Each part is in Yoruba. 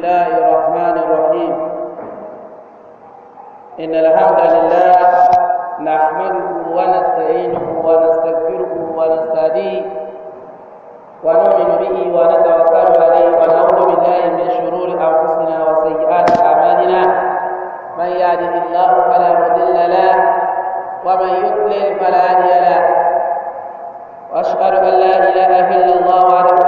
الله الرحمن الرحيم إن الحمد لله نحمده ونستعينه ونستغفره ونستهديه ونؤمن به ونتوكل عليه ونعوذ بالله من شرور أنفسنا وسيئات أعمالنا من يهده الله فلا مضل له ومن يضلل فلا هادي له وأشهد أن لا إله إلا الله وحده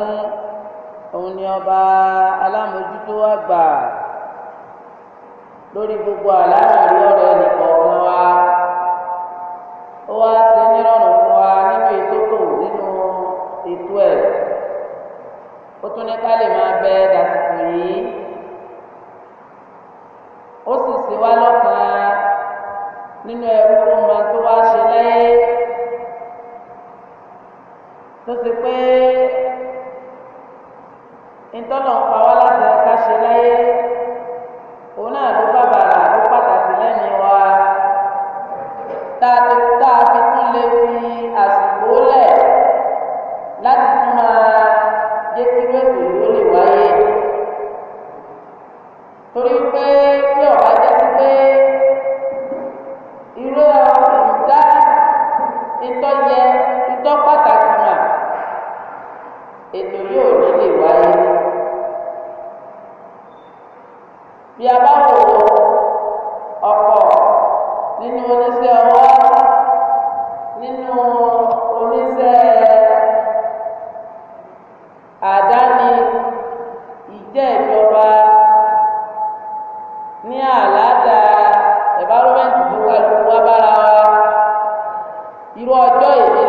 ọ̀hún òun ni ọba alámòjútó àgbà lórí gbogbo àlàáfíà lọ́rẹ̀ nìkọ̀ọ̀kan wa ó wá ṣe nírọ̀rùn fún wa nínú ètò kò nínú ètò ẹ̀ ó tún ní ká lè máa bẹ dàsí. àdáni ìjẹ́ ìjọba ní àlàáda ẹ̀bárọ́mẹ́ntì tó wà ló wá bára wa irú ọjọ́ yìí.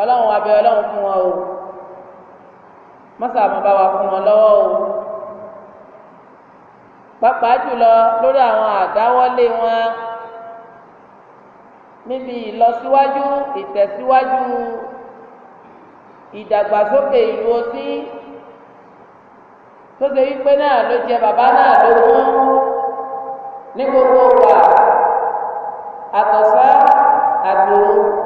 ọlọ́run abẹ ọlọ́run fún wọn o mọ́sà máa bá wa fún wọn lọ́wọ́ o pàápàá jùlọ lórí àwọn àdáwọ́lé wọn níbi ìlọsíwájú ìtẹ̀síwájú ìdàgbàsókè ìlú òsì tó ṣe wípé náà ló jẹ bàbá náà lógún ní gbogbo wa àtọ̀sán àgbòrò.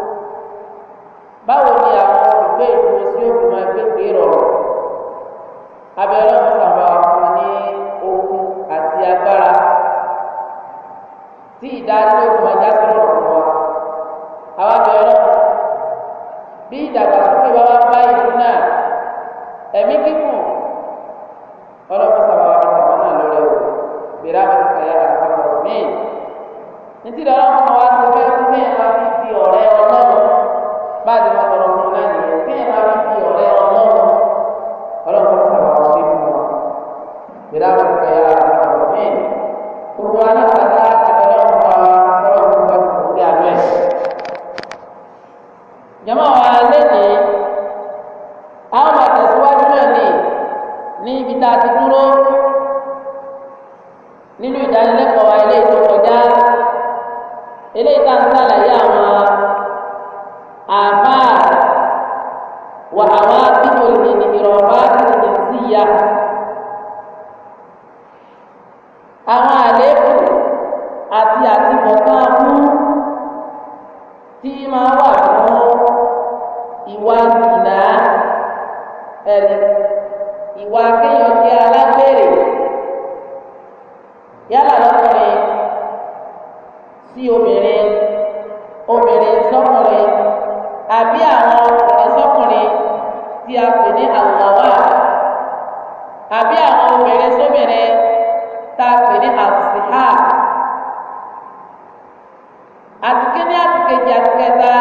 àtìké ní àtìkejì àtìkẹta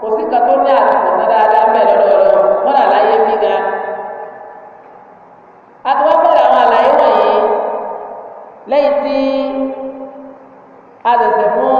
kò sí kan tó ní àtìkò ní dáadáa ń bẹ lọ́dọọdọ wọn là láyé bí ga àtiwá bẹ̀rẹ̀ àwọn àlàyé wọ̀nyí lẹ́yìn tí a tẹ̀sẹ̀ fún.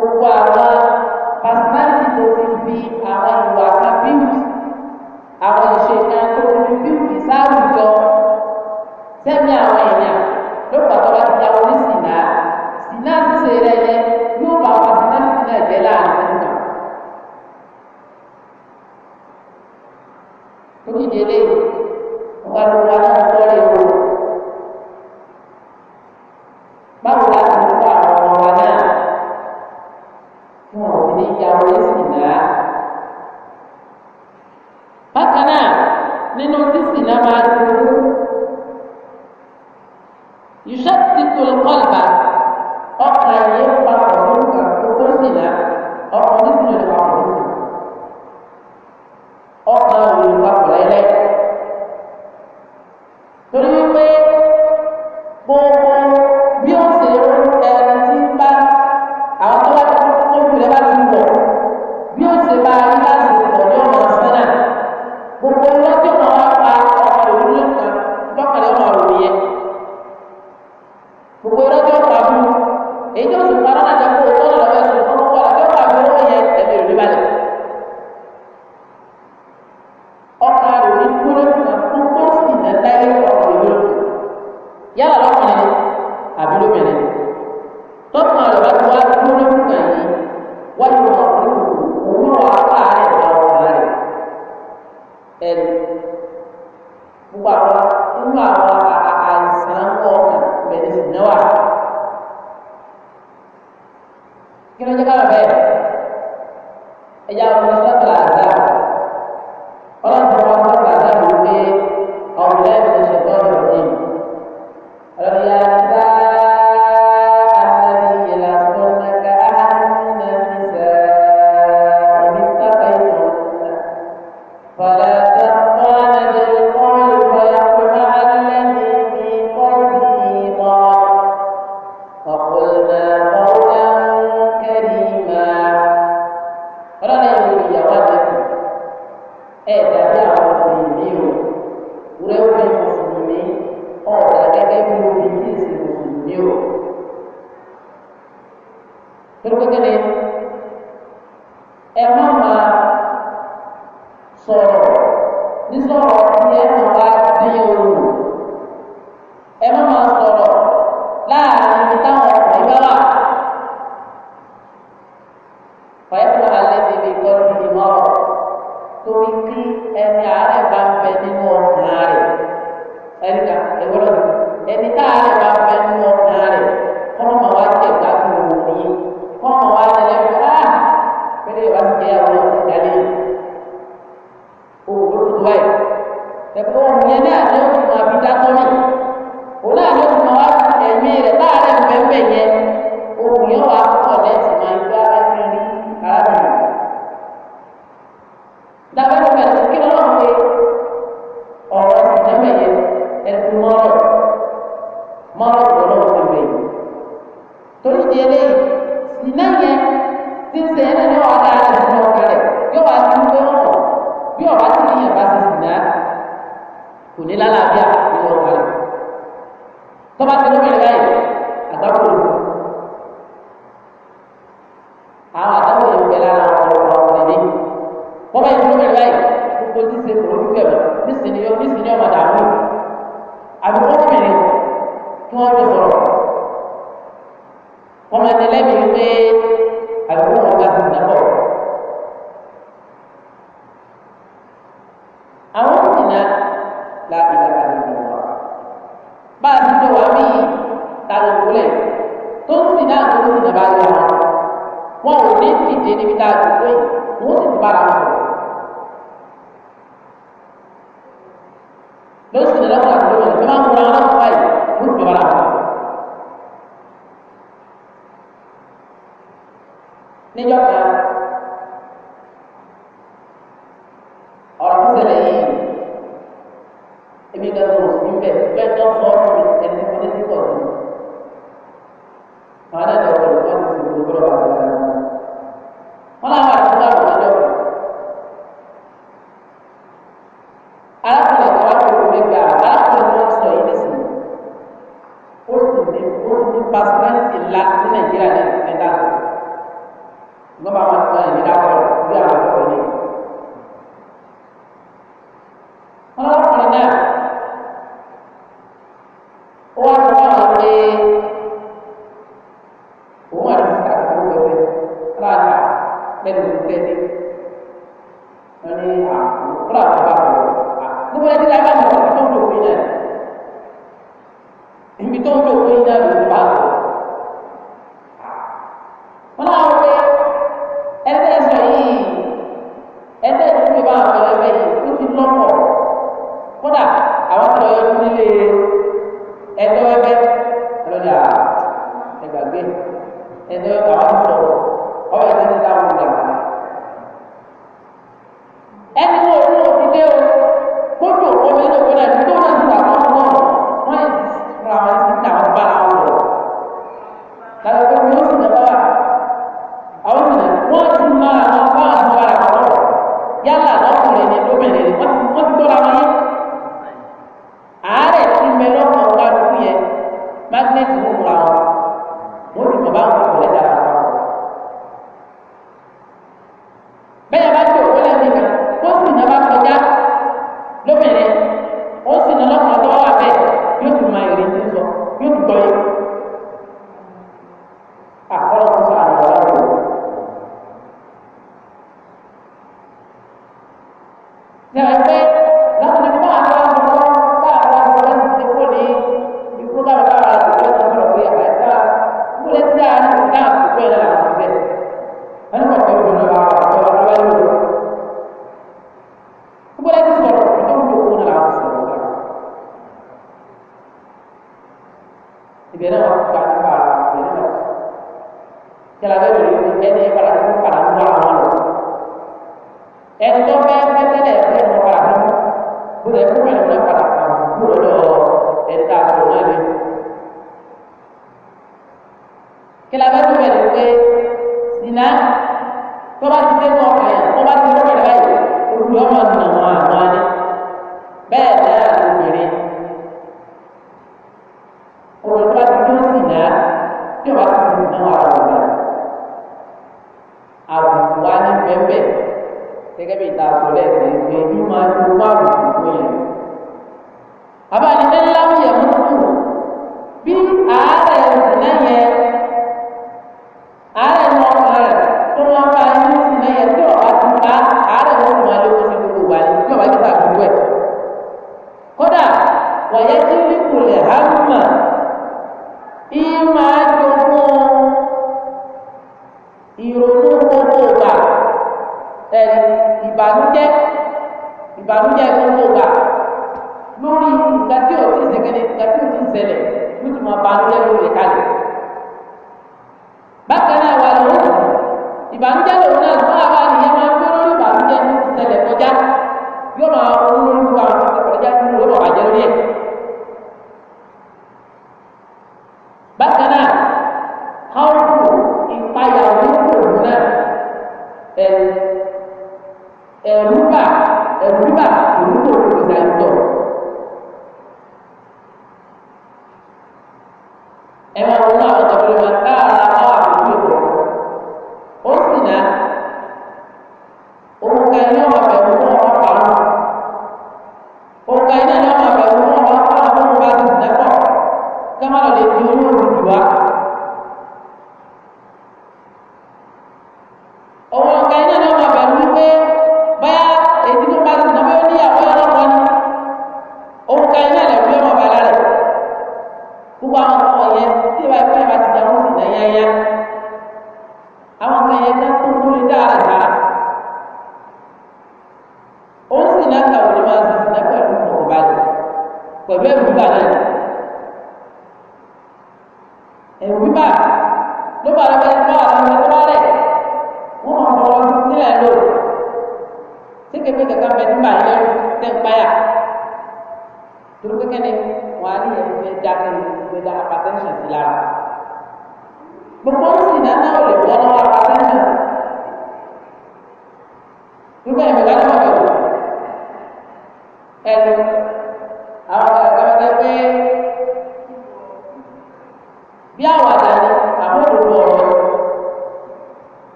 gbogbo àwọn pàṣípàṣí tó ti fi àwọn ìwà lọ́sì ní lọ́sì àti lọ́wọ́ ìfẹ́ máa ń múra láti báyìí mú ti bàbá níjọ́ kan 那。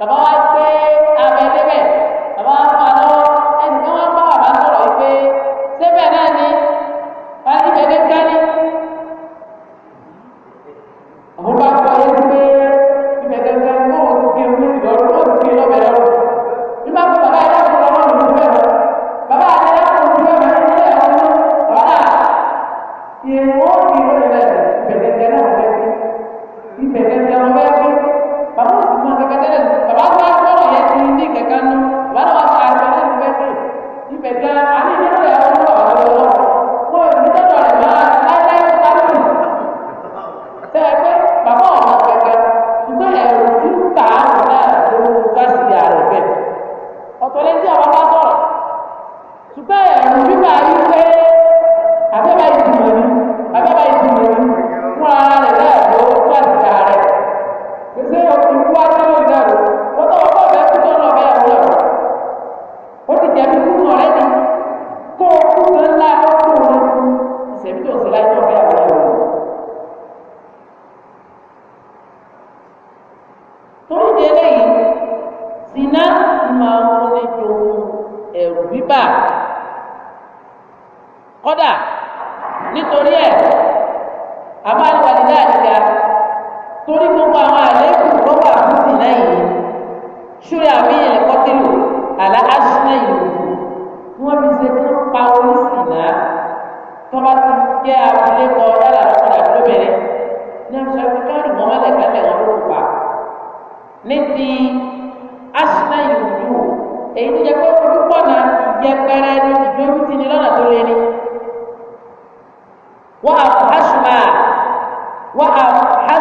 Tá bom?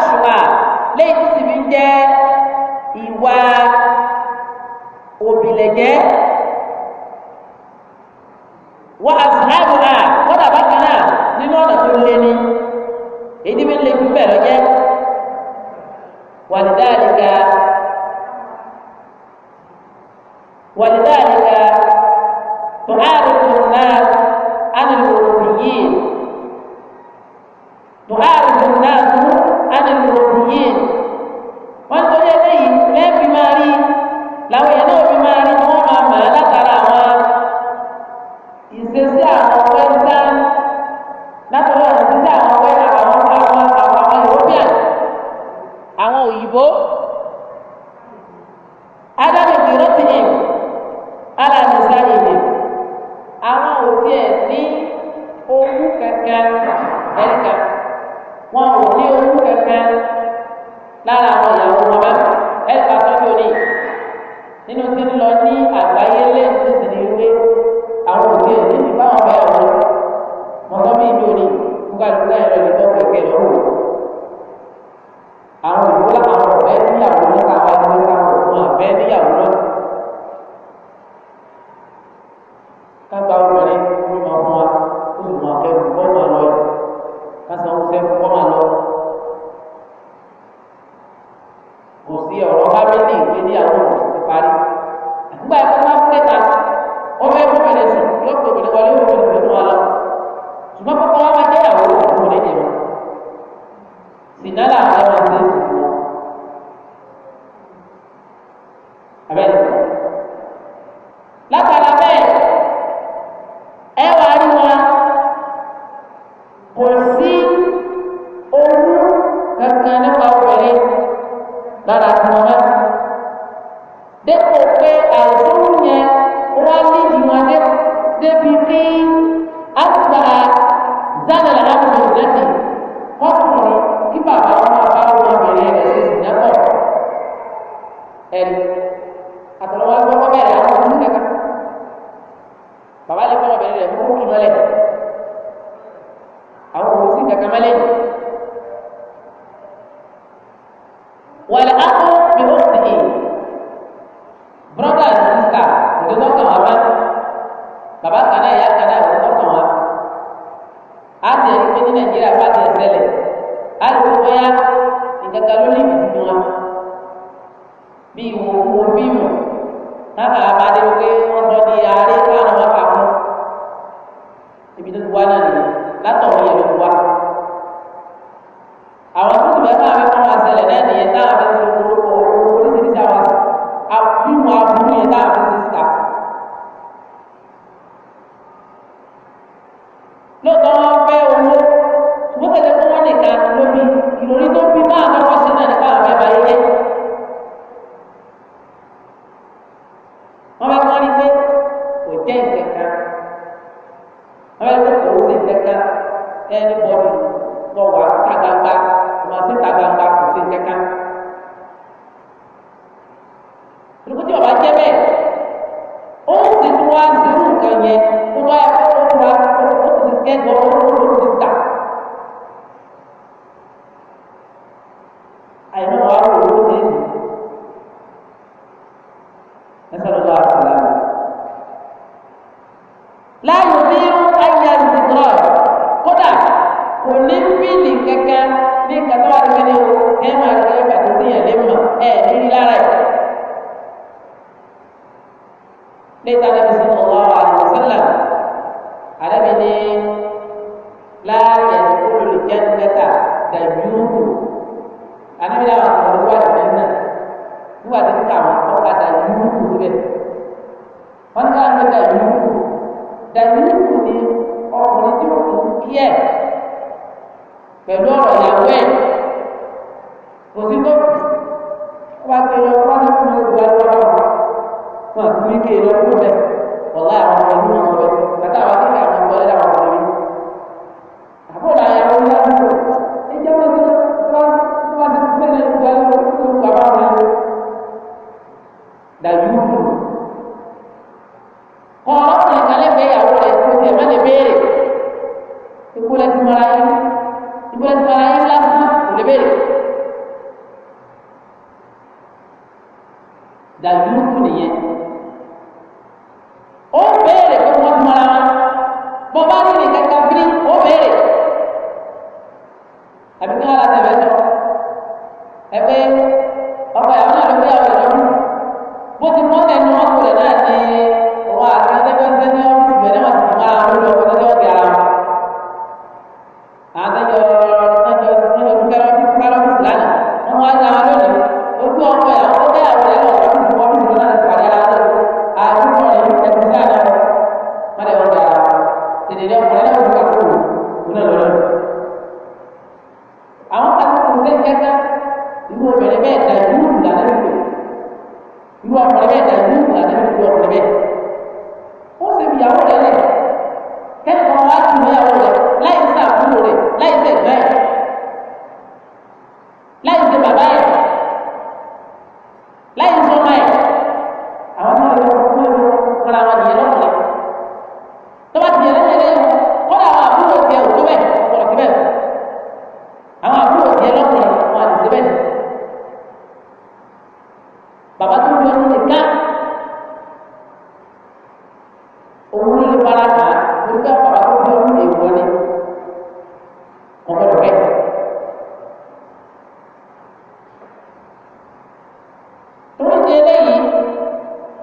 àṣùwà léyìí tí sì fi ń jẹ́ ìwà òbílẹ̀jẹ́ wà àṣìláàbùhà kọ́dà bákan náà nínú ọ̀nà tó lé ní èdè mi lè gbígbẹ̀ lọ́jẹ́ wàlídáàlíkà wàlídáàlíkà tó àrùn wọ́n ní káwọn gbẹdà yìí kù dàbí nìkù ni ọkùnrin tí òkú kí ẹ pẹ̀lú ọ̀rọ̀ ìyàwó ẹ̀ kò sí tó wá kéré wọ́n ní kú gba lọ́wọ́ wọn kú ní kéré lọ́wọ́ bẹ́ẹ̀.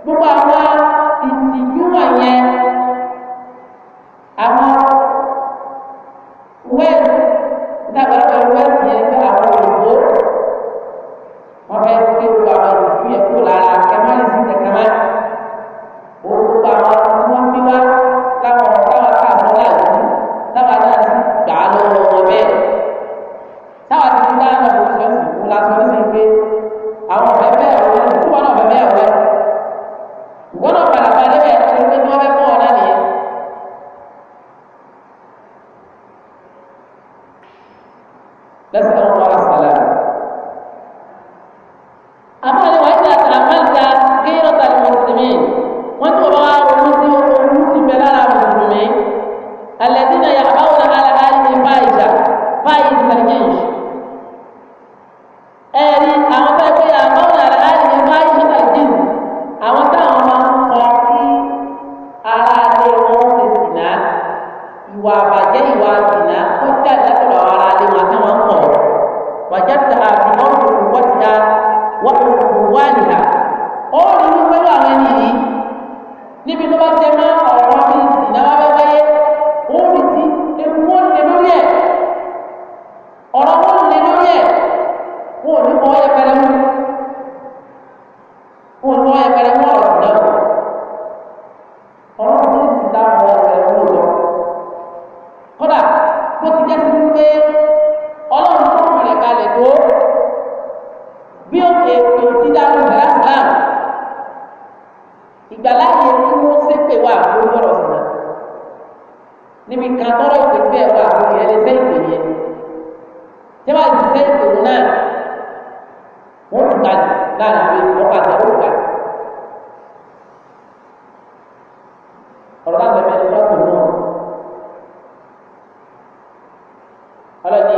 gbogbo àwọn Hello.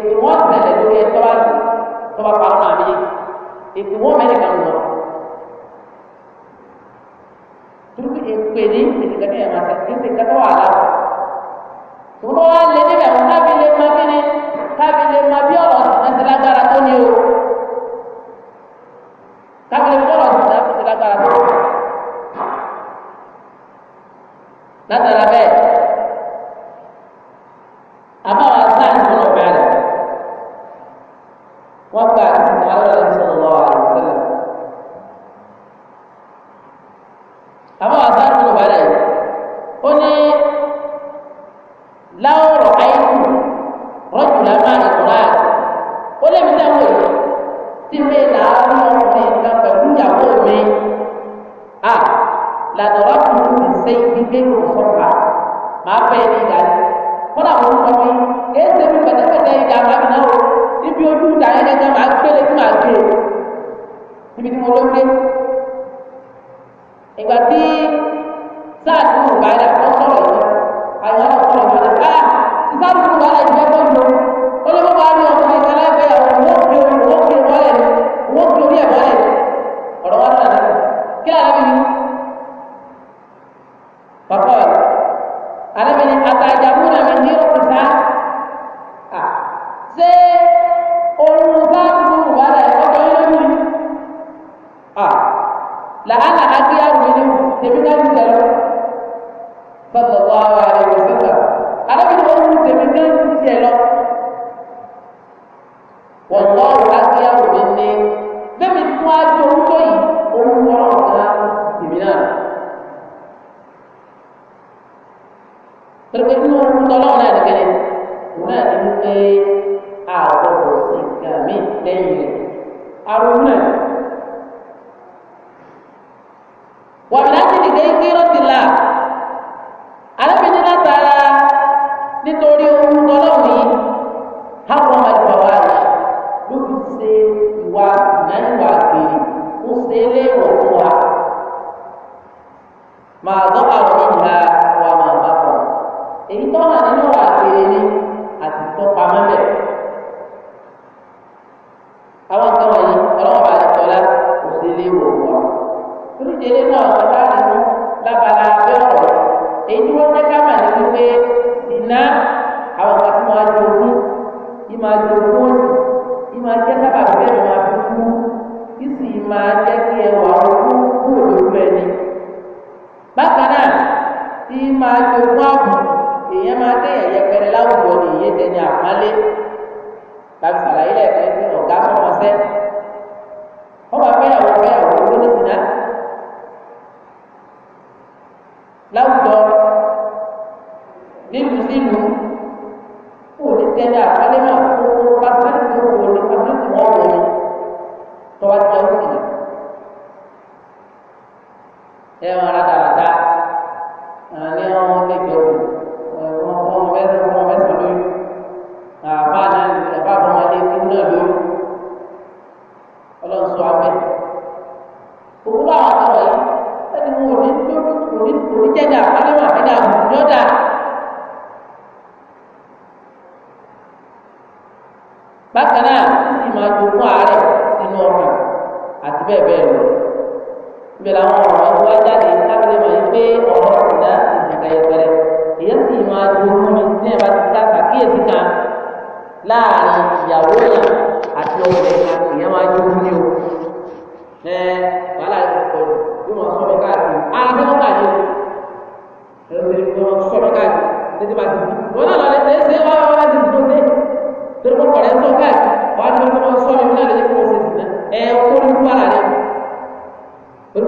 ètò wọn ti tẹ̀lé lórí ẹ tọ́ba jù tọ́ba pa ọ́nà àbí ètò wọn mẹ́rin kan lọ. Tuntun èpè ní ìsìnkẹ́tì ẹ̀ máa ṣe ìsìnkẹ́tì wà láwù. Tòun wá lé níbẹ̀ wọn tábí lé má bí ní tábí lé má bí ọ̀rọ̀ ṣùgbọ́n ti lágbára tó ní o. Tábí lé bí ọ̀rọ̀ ṣùgbọ́n ti tó. nítorí ohun tọ́lọ́run yìí háwọn àgbàwá rẹ̀ ló fi ṣe ìwà ìnáyìnwá àgbèrè ó ṣe é lé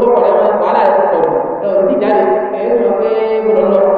gbọ́kọ̀ lẹ́wọ̀n wàhálà rẹ̀ pọ̀ lọ sí ìjáde ẹ̀yẹ́ sọ pé gbọ́dọ̀ lọ.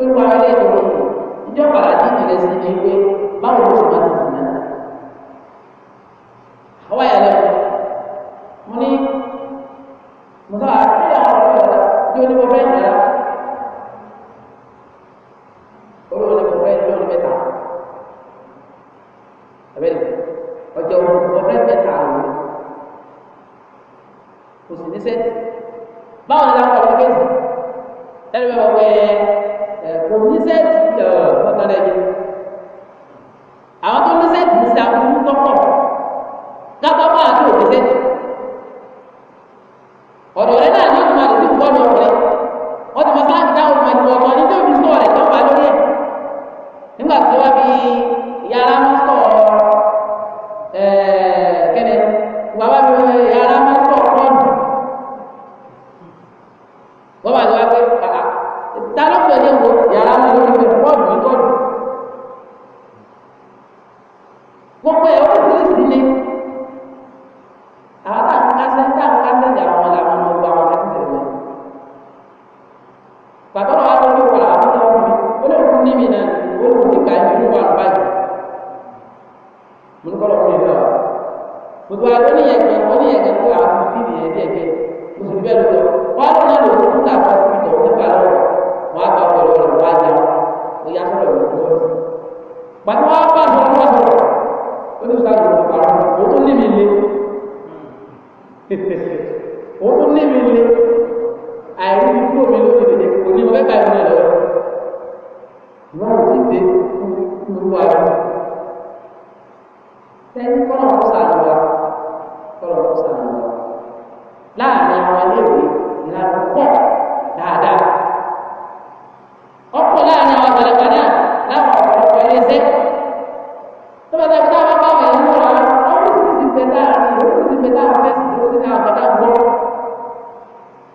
olùwàrà lẹ́nu ìjọba àdìmọ̀lẹ́sì ni pé báwo ló ti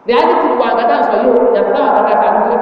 reality wa àgbàdàn sọ yóò yàtọ̀ àwọn àgbàdàn kan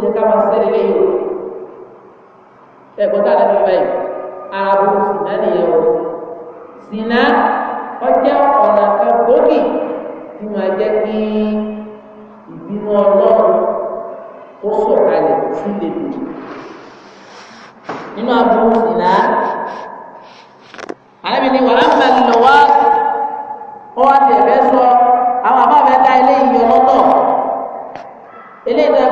yẹ ká máa sẹ́lẹ̀ lẹ́yìn o ẹ̀gbọ́n tá a lè fi báyìí ara burú sìnà nìyẹn o sìnà ọjọ́ ọ̀nà kan gbòógì tí máa jẹ́ kí ìbínú ọlọ́run ó sọ̀kalẹ̀ sílẹ̀ lòdì nínú aburú sìnà arábìnrin wàhálà ń bá lílọ wá ọwọ́ àti ẹ̀fẹ́ sọ àwọn àbá fẹ́ dá eléyìí yọ lọ́tọ̀ eléyìí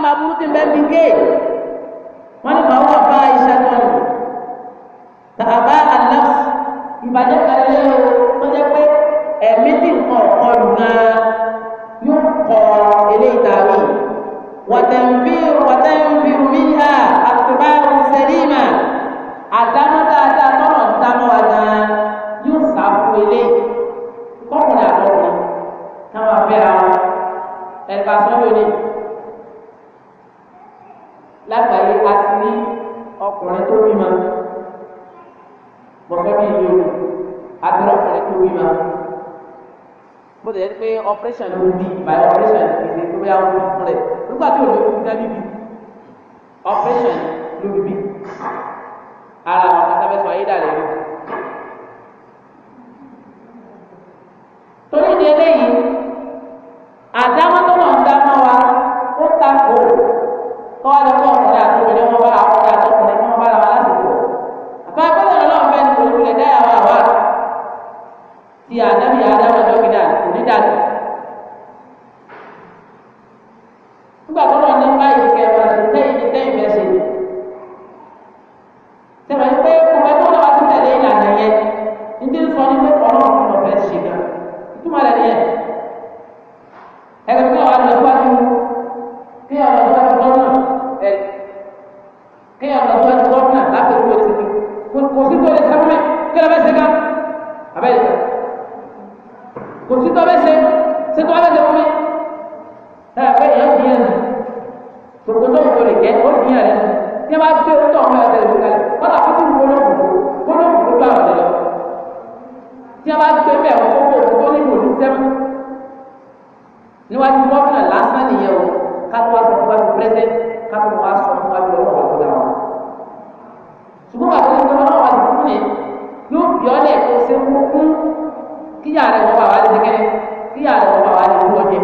máa burú tí ń bẹ́ẹ̀ bí géè wọ́n ní màá kíyà rẹ̀ wọ́n bá wà á lè dégẹ́rẹ́ kíyà rẹ̀ wọ́n bá wà á jẹ.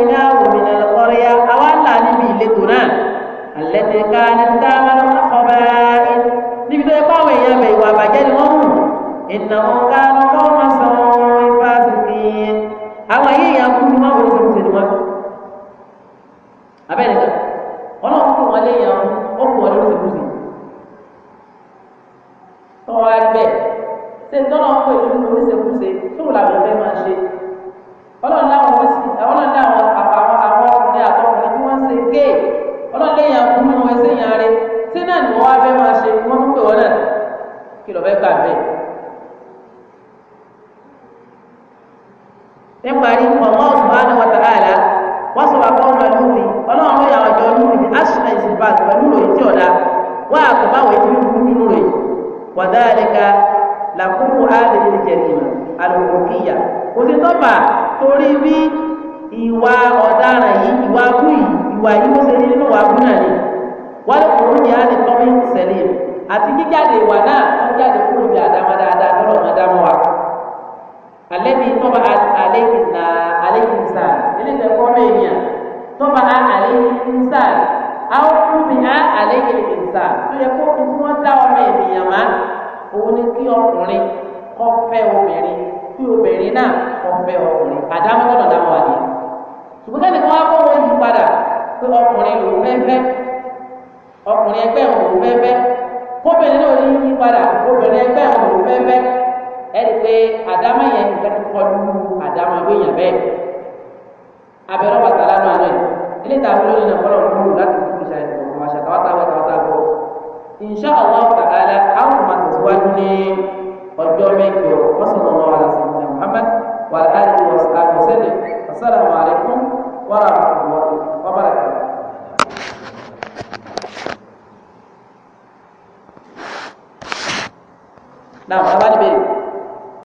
ونجيناه من القرية أولا نبي لتنا التي كانت تعمل القبائل نبي تقوى يا بي وبجلهم إنهم كانوا قوم سوء فاسقين أما هي يقول ما هو سبسل